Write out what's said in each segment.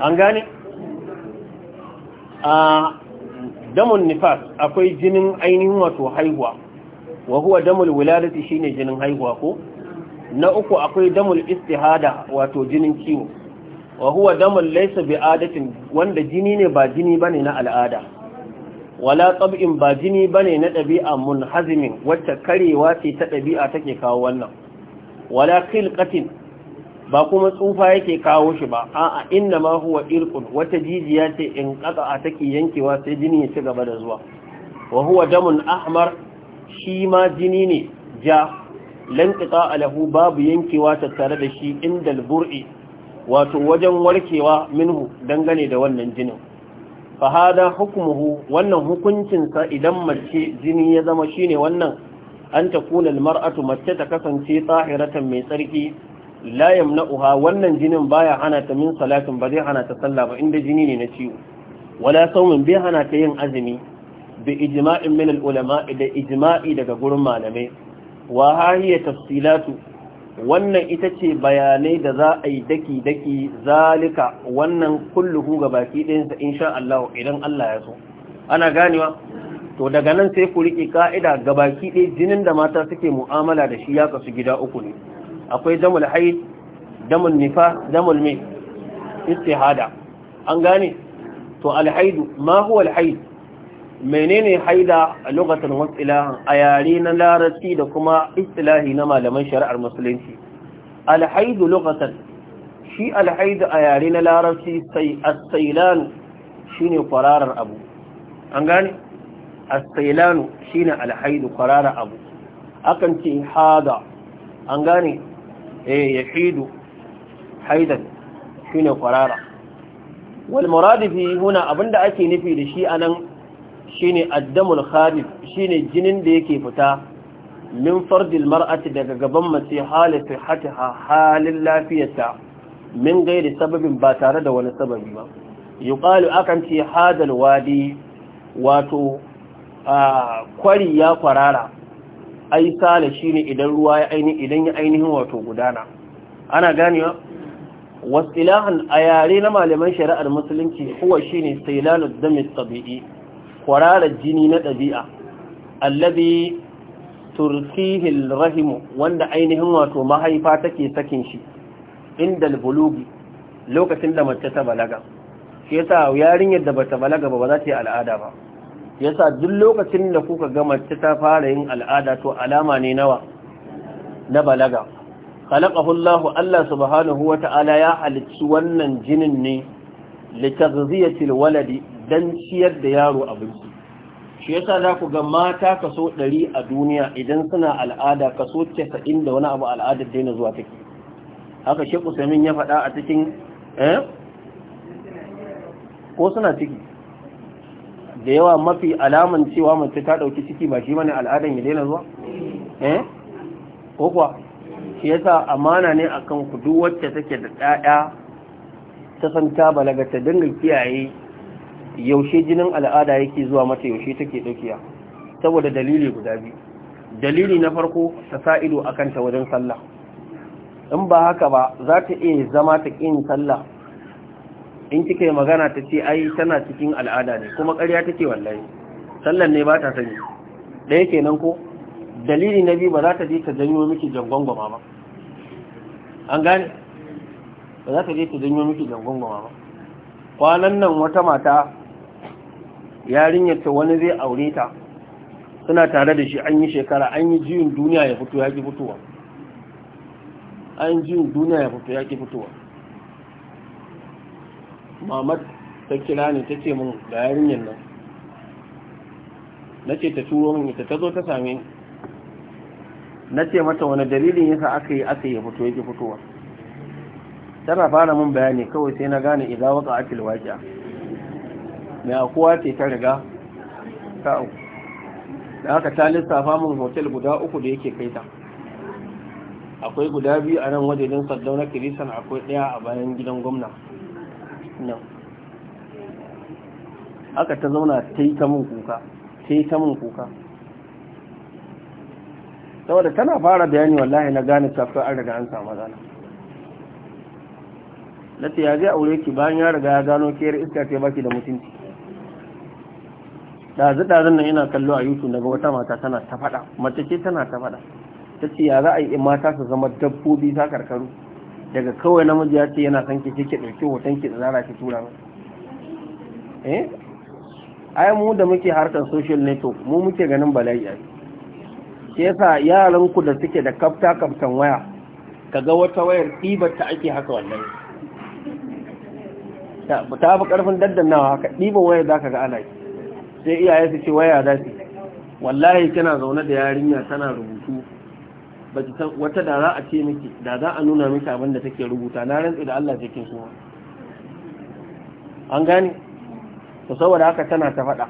an gane a damun nifas akwai jinin ainihin wato haihuwa wa huwa damul wiladati shine jinin haihuwa ko na uku akwai damul istihada wato jinin kiwo wa huwa damul laysa bi adatin wanda jini ne ba jini bane na al'ada wala tab'in ba jini bane na dabi'a munhazimin wacce karewa ce ta ɗabi'a take kawo wannan wala khilqatin ba kuma tsufa yake kawo shi ba a'a inna ma huwa irqun wata jijiya ce in a take yankewa sai jini ya ci gaba da zuwa wa huwa damun ahmar shi ma jini ne ja lan Alahu babu yankewa tattare da shi indal buri wato wajen warkewa minhu dangane da wannan jinin fa hada hukmuhu wannan hukuncin sa idan mace jini ya zama shine wannan an takuna al mace ta kasance tahiratan mai tsarki la yamna'uha wannan jinin baya hana ta min salatin ba zai hana ta sallah ba inda jini ne na ciwo wala sawmin bai hana ta yin azumi bi ijma'in min al-ulama da ijma'i daga gurin malamai wa hahiya tafsilatu wannan ita ce bayanai da za a yi daki-daki zalika wannan kulluhu ga baki ɗinsa insha Allah idan Allah ya so ana ganewa to daga nan sai ku riƙe ka'ida ga baki ɗaya jinin da mata suke mu'amala da shi ya kasu gida uku ne akwai damul haid damul nifa damul mai istihada an gane to alhaidu ma huwa alhaid menene haida a lokacin wasilahan a yare na larabci da kuma istilahi na malaman shari'ar musulunci alhaidu lokacin shi alhaidu a yare na larabci sai asailanu shine kwararar abu an gane asailanu shine alhaidu kwararar abu akan ce hada an gane eh yahidu haidan shine kwarara wal murad bi huna abinda ake nufi da shi anan shine addamul kharij shine jinin da yake fita min fardil mar'ati daga gaban mace halatu hataha halin lafiyarta min gairi sababin ba tare da wani sababi ba yuqalu akan ce hadal wadi wato kwari ya kwarara ai sala shine idan ruwa ya aini idan ya ainihin wato gudana ana ganewa wasilahan a yare na malaman shari'ar musulunci huwa shine sailalu dami tabi'i kwararar jini na ɗabi'a allazi turkihi rahimu wanda ainihin wato mahaifa take sakin shi inda bulugi lokacin da mace ta balaga shi yasa yarinyar da bata balaga ba ba za ta yi al'ada ba yasa duk lokacin da kuka ga mace ta fara yin al'ada to alama ne nawa na balaga khalaqahu Allah Allah subhanahu wata'ala ya halicci wannan jinin ne litagziyatil waladi dan ciyar da yaro abinci shi yasa za ku ga mata kaso 100 a duniya idan suna al'ada kaso 90 da wani abu al'adar daina zuwa take haka shi kusamin ya faɗa a cikin eh ko suna ciki da yawa mafi alaman cewa mace ta ɗauki ciki ba shi mana al'adan ya daina zuwa eh ko kuwa shi yasa amana ne akan ku duk wacce take da ɗaya ta san ta balaga ta dinga kiyaye yaushe jinin al'ada yake zuwa mata yaushe take ɗaukiya saboda dalili guda biyu dalili na farko ta sa ido akan ta wajen sallah in ba haka ba za ta iya zama ta ƙin sallah in kika yi magana ta ce ai tana cikin al'ada ne kuma ƙarya take wallahi sallan ne ba ta sani ɗaya kenan ko dalili na biyu ba za ta je ta janyo miki jangwangwama ba an gane ba za ta je ta janyo miki jangwangwama ba kwanan nan wata mata yarinyar ta wani zai aure ta suna tare da shi an yi shekara an yi jiyin duniya ya fito ya ki fitowa an jiyin duniya ya fito ya ki fitowa mamad ta kira ni ta ce mun da yarinyar nan na ce ta turo min ita ta zo ta same na ce mata wani dalilin yasa aka yi aka yi fito yake fitowa tana fara mun bayani kawai sai na gane idan waka akil waƙiya mai akuwa ce ta riga ta uku da aka ta lissafa mun hotel guda uku da yake kai ta akwai guda biyu a nan wajejen sardauna kirisan akwai ɗaya a bayan gidan gwamna aka ta zauna ta yi ta mun kuka ta yi ta mun kuka saboda tana fara bayani wallahi na gane kafin an riga an samu matsala lati ya zai aure ki bayan ya riga ya gano kiyar iska ce baki da mutunci dazu dazun nan ina kallo a youtube daga wata mata tana ta faɗa mace ce tana ta faɗa ta ce ya za a yi mata su zama dabbobi za karkaru daga kawai namiji ya ce yana son ki kike dauke hoton ki zara ki tura eh ai mu da muke harkar social network mu muke ganin bala'i ai sai yasa yaran ku da suke da kafta kaftan waya kaga wata wayar ɗibar ta ake haka wannan ta fi ƙarfin daddannawa haka ɗibar wayar za ka ga ana sai iyaye su ce waya za su wallahi kina zaune da yarinya tana rubutu san wata da za a ce miki da za a nuna miki abin da take rubuta na rantsu da Allah take kuma. an gane to saboda haka tana ta faɗa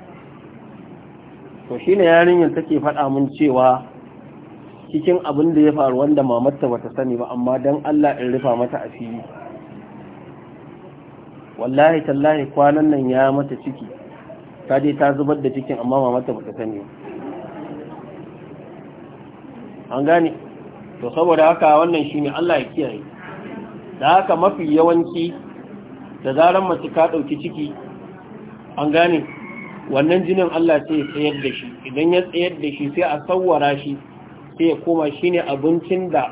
to shine yarinyar take faɗa mun cewa cikin abin da ya faru wanda mamarta bata sani ba amma dan Allah in rufa mata asiri wallahi tallahi kwanan nan ya mata ciki ta je ta zubar da cikin amma mamarta bata sani ba an gane to saboda haka wannan shi ne Allah ya kiyaye da haka mafi yawanci da zaran mace ka ɗauki ciki an gane wannan jinin Allah sai ya tsayar da shi idan ya tsayar da shi sai a sawwara shi sai ya koma Shi ne abincin da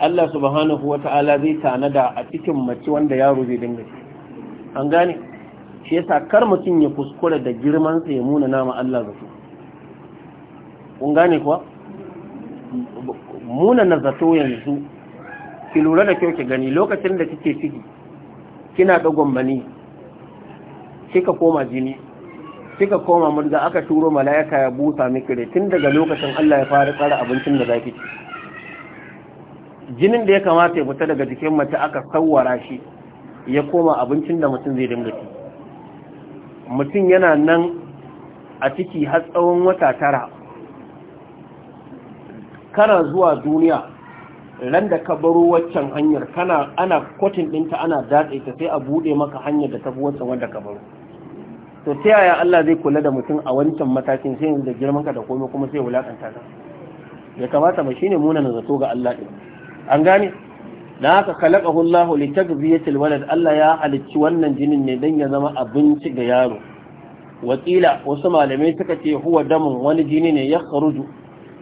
Allah subhanahu Ta'ala zai tanada a cikin mace wanda yaro zai dinga shi an gane shi yasa kar mutum ya kuskura da girman sa ya muna nama Allah zato kun gane kuwa muna na zato yanzu ki lura da kyau ki gani lokacin da kike ciki kina da gombani kika koma jini kika koma murga aka turo mala'ika ya busa miki da tun daga lokacin Allah ya fara tsara abincin da zaki ci jinin da ya kamata ya fita daga jikin mace aka sawwara shi ya koma abincin da mutum zai dinga ci mutum yana nan a ciki har tsawon wata tara kana zuwa duniya ran da ka baro waccan hanyar kana ana kotun ɗinta ana datse ta sai a buɗe maka hanyar da ta fi wancan wanda ka baro to ta yaya Allah zai kula da mutum a wancan matakin sai da girman ka da komai kuma sai wulakanta ka ya kamata ma shine muna na zato ga Allah din an gane dan haka khalaqahu Allah li tagziyatil walad Allah ya halicci wannan jinin ne dan ya zama abinci ga yaro wakila wasu malamai suka ce huwa damun wani jini ne ya kharuju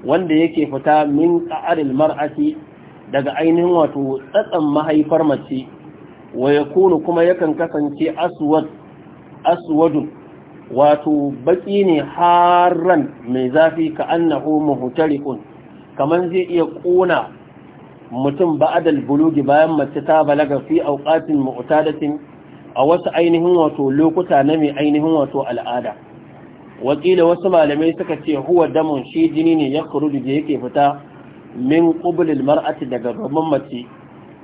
wanda yake fita min ƙa'aril mar'ati daga ainihin wato tsatsan mahaifar mace wa ya yakunu kuma yakan kasance aswad aswadun wato baki ne haran mai zafi ka annahu muhtarikun Kamar zai iya kona mutum ba'adal bulugi bayan mace ta balaga fi auqatin mu'tadatin a wasu ainihin wato lokuta na mai ainihin wato al'ada wakila wasu malamai suka ce huwa damun shi jini ne ya kuru da yake fita min ƙubulil mar'ati daga gaban mace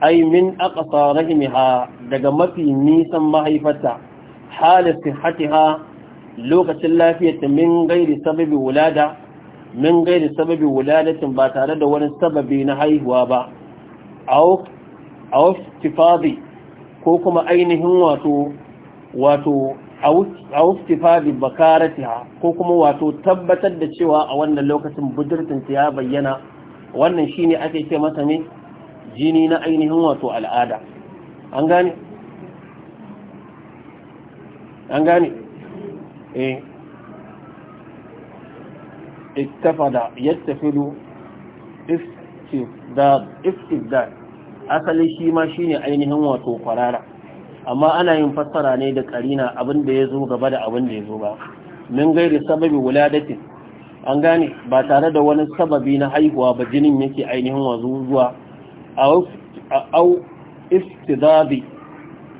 ai min rahimi ha daga mafi nisan mahaifarta hati ha lokacin lafiyarta min gairi sababi wulada min gairi sababi wuladatin ba tare da wani sababi na haihuwa ba a wasu ko kuma ainihin wato a wuftifa bi bakaratiha ko kuma wato tabbatar da cewa a wannan lokacin ta ya bayyana wannan shine ake ce masa ne jini na ainihin wato al'ada an gane an gane eh ittafada yattafilu istifdad asali shi ma shine ainihin wato kwarara amma ana yin fassara ne da karina abin da ya zo gaba da abin da ya zo ba min gairi sababi wuladatin an gane ba tare da wani sababi na haihuwa ba jinin yake ainihin wazo zuwa au istidabi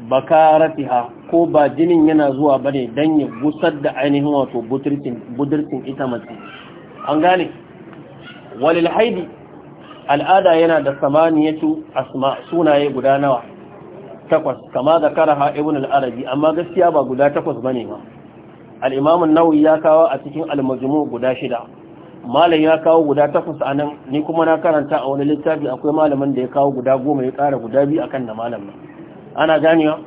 bakaratiha ko ba jinin yana zuwa ba ne don ya gusar da ainihin wato budurkin ita mace an gane walil haidi al'ada yana da samaniyatu asma sunaye guda nawa takwas kama da karaha ibn al-arabi amma gaskiya ba guda takwas bane ma al-imam ya kawo a cikin al-majmu guda shida malam ya kawo guda takwas nan, ni kuma na karanta a wani littafi akwai malamin da ya kawo guda goma ya kara guda biyu akan na malamin ana ganewa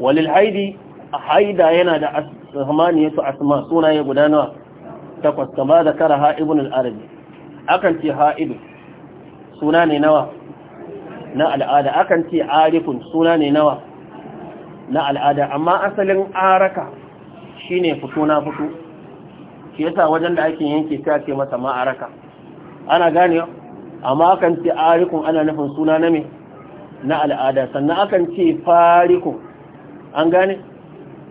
walil haidi haida yana da asmaniyatu asma sunaye guda nawa takwas kama da karaha ibn al-arabi akan ce haidu suna ne nawa na al'ada akan ce arifun suna ne nawa na al'ada amma asalin araka shine fito na fito shi yasa wajen da ake yanke ta ce masa ma'araka ana gane amma akan ce arikun ana nufin suna na me na al'ada sannan akan ce fariku an gane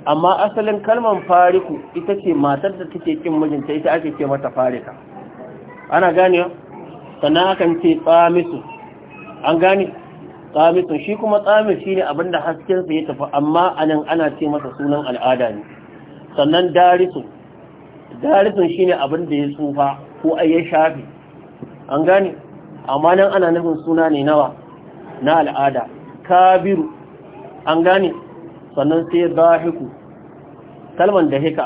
amma asalin kalman fariku ita ce matar da take kin mijinta ita ake ce mata farika ana gane sannan akan ce tsamisu an gane tsamisun shi kuma tsamin shi ne abinda haskensa ya tafi amma anan ana ce masa sunan al'ada ne sannan darisun darisun shi ne abinda ya tsufa ko a ya shafi an gane amma nan ana nufin suna ne nawa na al'ada kabiru an gane sannan sai zahiku kalman da hika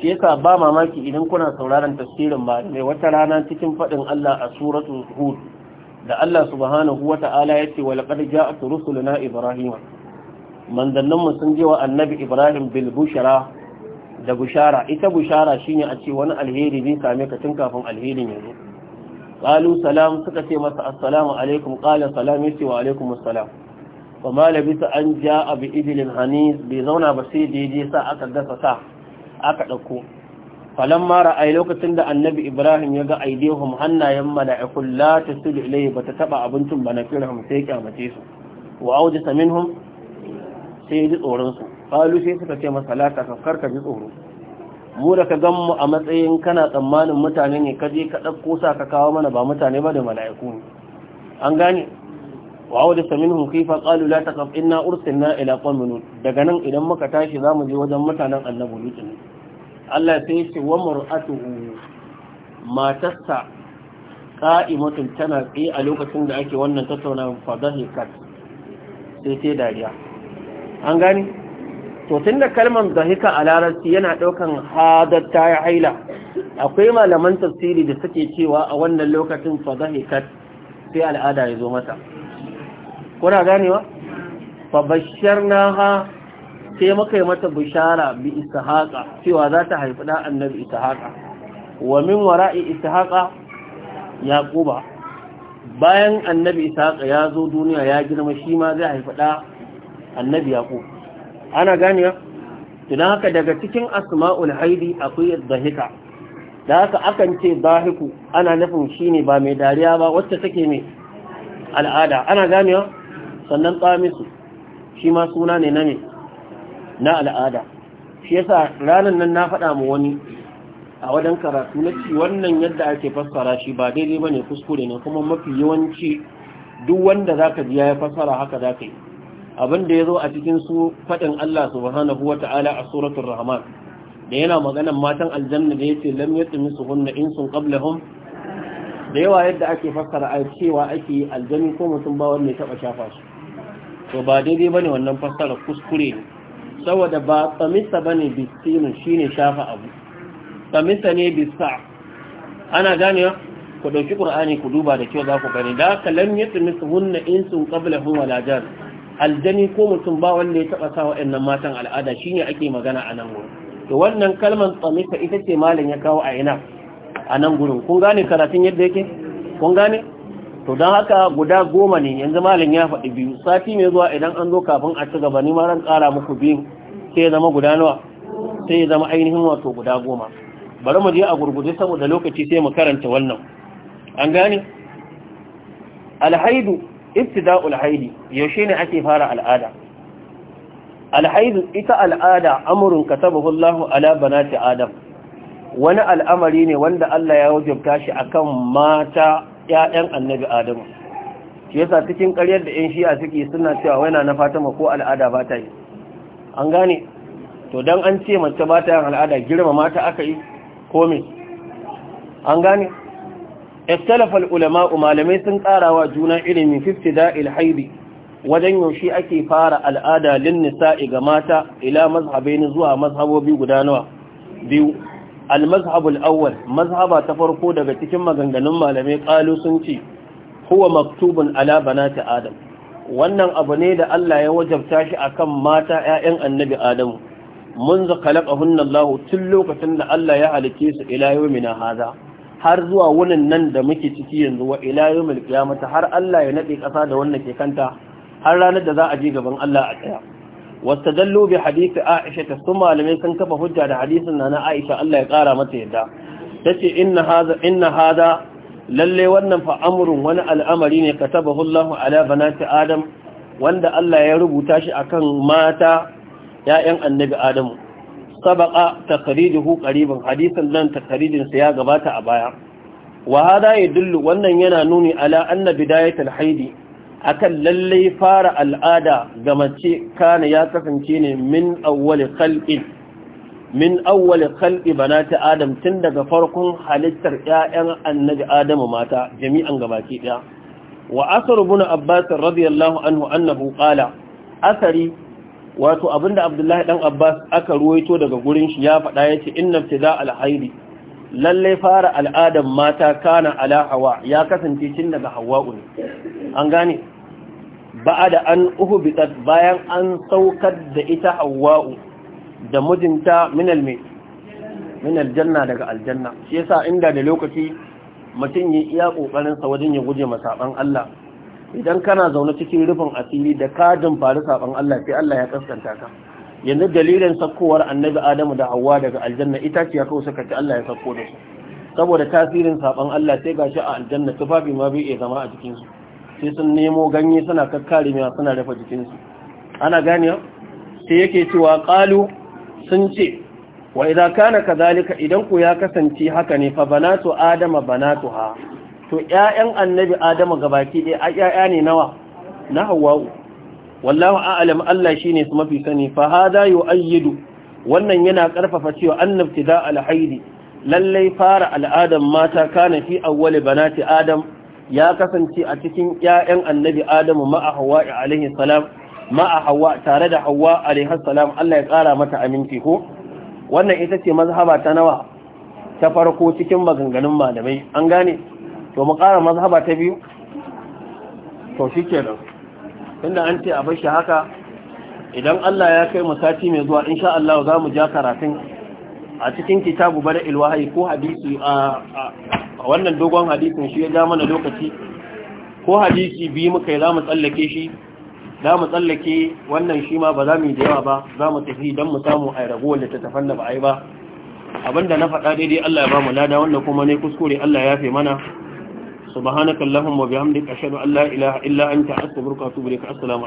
shi yasa ba mamaki idan kuna sauraron tafsirin ba mai wata rana cikin faɗin Allah a suratul hud da Allah subhanahu wa ta'ala ya ce wa laƙar ja'at rusuluna Ibrahim manzanninmu sun je wa annabi Ibrahim bil bushara da bushara ita bushara shine a ce wani alheri zai same ka tun kafin alherin yanzu qalu salam suka ce masa assalamu alaikum qala salam yace wa alaikum assalam fa ma an ja'a bi idlin hanis bai zauna ba sai da sa aka gasa sa aka dauko mara a lokacin da annabi ibrahim ya ga aidehum hannayen mala'ikun la tasulu ilayhi ta taba abincin ba na firhum sai kyamace su wa awjasa minhum sai ya ji tsoron su sai suka ce masa la kafkar ka ji tsoro mu da ka gan mu a matsayin kana tsammanin mutane ne ka ka dauko sa ka kawo mana ba mutane ba da mala'iku ne an gane wa awjasa minhum kaifa qalu la taqaf inna ursilna ila qaumin daga nan idan muka tashi zamu je wajen mutanen annabi lutin Allah sai shi wa mar'atuhu matarsa qa'imatun tana tsaye a lokacin da ake wannan tattaunawa kat sai sai dariya an gani to tunda kalmar zahika a larabci yana daukan hadar ta haila akwai malaman tafsiri da suke cewa a wannan lokacin kat sai al'ada ya zo mata kuna ganewa fa basharnaha sai maka yi mata bishara bi ishaqa cewa za ta haifi da annabi ishaqa wa min wara'i ishaqa yaquba bayan annabi ishaqa ya zo duniya ya girma shi ma zai haifi da annabi yaqub ana ya idan haka daga cikin asma'ul haidi akwai dhahika da haka akan ce dhahiku ana nufin shine ba mai dariya ba wacce take mai al'ada ana ya sannan tsamisu shi ma suna ne na ne. na al'ada shi yasa ranar nan na faɗa mu wani a wajen karatu na ci wannan yadda ake fassara shi ba daidai bane kuskure ne kuma mafi yawanci duk wanda zaka ji ya fassara haka zaka yi abin da zo a cikin su fadin Allah subhanahu wataala a suratul rahman da yana maganan matan aljanna da yace lam yatmisuhunna insun qablahum da yawa yadda ake fassara a cewa ake aljanni ko mutum ba wanda ya taba shafa su to ba daidai bane wannan fassara kuskure ne saboda ba tsamisa ba ne bistinin shi ne shafa abu tsamisa ne bisa ana ya ku ɗauki ƙur'ani ku duba da kyau za ku gani da aka lam yi tsamisa hunna in sun ƙabla hun walajar aljani ko mutum ba wanda ya taɓa sawa nan matan al'ada shi ne ake magana a nan wurin to wannan kalmar tsamisa ita ce malam ya kawo a ina a nan gurin kun gane karatun yadda yake kun gane to don haka guda goma ne yanzu malam ya faɗi biyu sati mai zuwa idan an zo kafin a ci gaba ni ma ran ƙara muku biyu sai ya zama guda nawa sai ya zama ainihin wato guda goma bari mu je a gurguje saboda lokaci sai mu karanta wannan an gane alhaidu ibtida'ul haidi yaushe ne ake fara al'ada alhaidu ita al'ada amurin katabahu ala banati adam wani al'amari ne wanda Allah ya wajabta shi akan mata Ya'yan annabi adamu shi yasa cikin ƙaryar da ‘yan shi'a suke suna cewa waina na fatima ko al'ada ba ta yi an gane to dan an ce mace ba ta yin al'ada girma mata aka yi ko me an gane ikhtalafa ulama malamai sun karawa juna ilimin fi Da'il haidi wajen yaushe ake fara al'ada lin nisa'i ga mata ila mazhabaini zuwa mazhabobi guda nawa biyu المذهب الأول مذهب تفرقو daga cikin maganganun malamai qalu sun ce huwa maktubun ala banati adam wannan abu ne da Allah ya wajabta shi akan mata ƴaƴan annabi adam mun za khalaqahunna Allah tun lokacin da Allah ya halice su ila yawmina hada har zuwa wannan nan da muke ciki yanzu wa ila yawmil qiyamah har Allah ya nade kasa da wannan ke kanta har ranar da za a ji gaban Allah a tsaya واستدلوا بحديث عائشة ثم لم كف حجة حديث أن عائشة الله يقارى متى تتي إن هذا إن هذا للي ونن فأمر ون الأمرين كتبه الله على بنات آدم وند الله يربو تاشي أكن ماتا يا ين النبي آدم سبق تقريده قريبا حديثا لن تقريد سياق بات أبايا وهذا يدل ونن ينانوني على أن بداية الحيدي akan lallai fara al'ada ga mace kana ya kasance ne min awwali khalqi min awwali khalqi banati adam tun daga farkon halittar ƴaƴan annabi adamu mata jami'an gabaki daya wa asar ibn abbas radiyallahu anhu annahu qala asari wato abinda abdullahi dan abbas aka ruwaito daga gurin shi ya faɗa yace inna ibtida al-haidi lalle fara al'adan mata kana ala hawa ya kasance tun daga hawa'u ne an gane da an uhubitat bayan an saukar da ita hawa'u da mijinta minal mai minal janna daga aljanna shi yasa inda da lokaci mutum yi iya kokarin wajen ya guje ma saban Allah idan kana zaune cikin rufin asiri da ka faru saban Allah sai Allah ya kaskanta ka yanzu dalilin sakkowar annabi Adamu da hawa daga aljanna ita ce ya kawo suka ci Allah ya sakko da su saboda tasirin saban Allah sai gashi a aljanna tufafi ma bai iya zama a cikin sai sun nemo ganye suna kakkare mewa suna rufe jikinsu ana gane sai yake cewa ƙalu sun ce wa idan kana kazalika idan ku ya kasance haka ne fa banatu adama banatu ha to ƴaƴan annabi adama gabaki ɗaya ƴaƴa ne nawa na hawwa'u wallahu a'lam Allah shine su mafi sani fa hada yu'ayyidu wannan yana karfafa cewa annabtida al-haidi lallai fara al'adam mata kana fi awwali banati adam ya kasance a cikin ‘ya'yan annabi Adamu ma'a hawa alaihi salam ma'a hawa tare da hawa alaihi salam Allah ya ƙara mata aminci ko wannan ita ce mazhaba ta nawa ta farko cikin maganganun malamai an gane to mu ƙara mazhaba ta biyu to shi nan. tunda an ce a bashi haka idan Allah ya kai mu sati mai zuwa insha Allah za mu ja karatun a cikin kitabu bada ilwahi ko hadisi a wannan dogon hadisin shi ya ja mana lokaci ko hadisi biyu muka yi za mu tsallake shi za mu tsallake wannan shi ma ba za mu yi da yawa ba za mu tafi don mu samu a ragowar da ta tafan da ba a yi ba abinda na faɗa daidai Allah ya ba mu lada wannan kuma ne kuskure Allah ya fi mana subhanakallahumma bihamdika ashhadu an la ilaha illa anta astaghfiruka wa atubu ilaik assalamu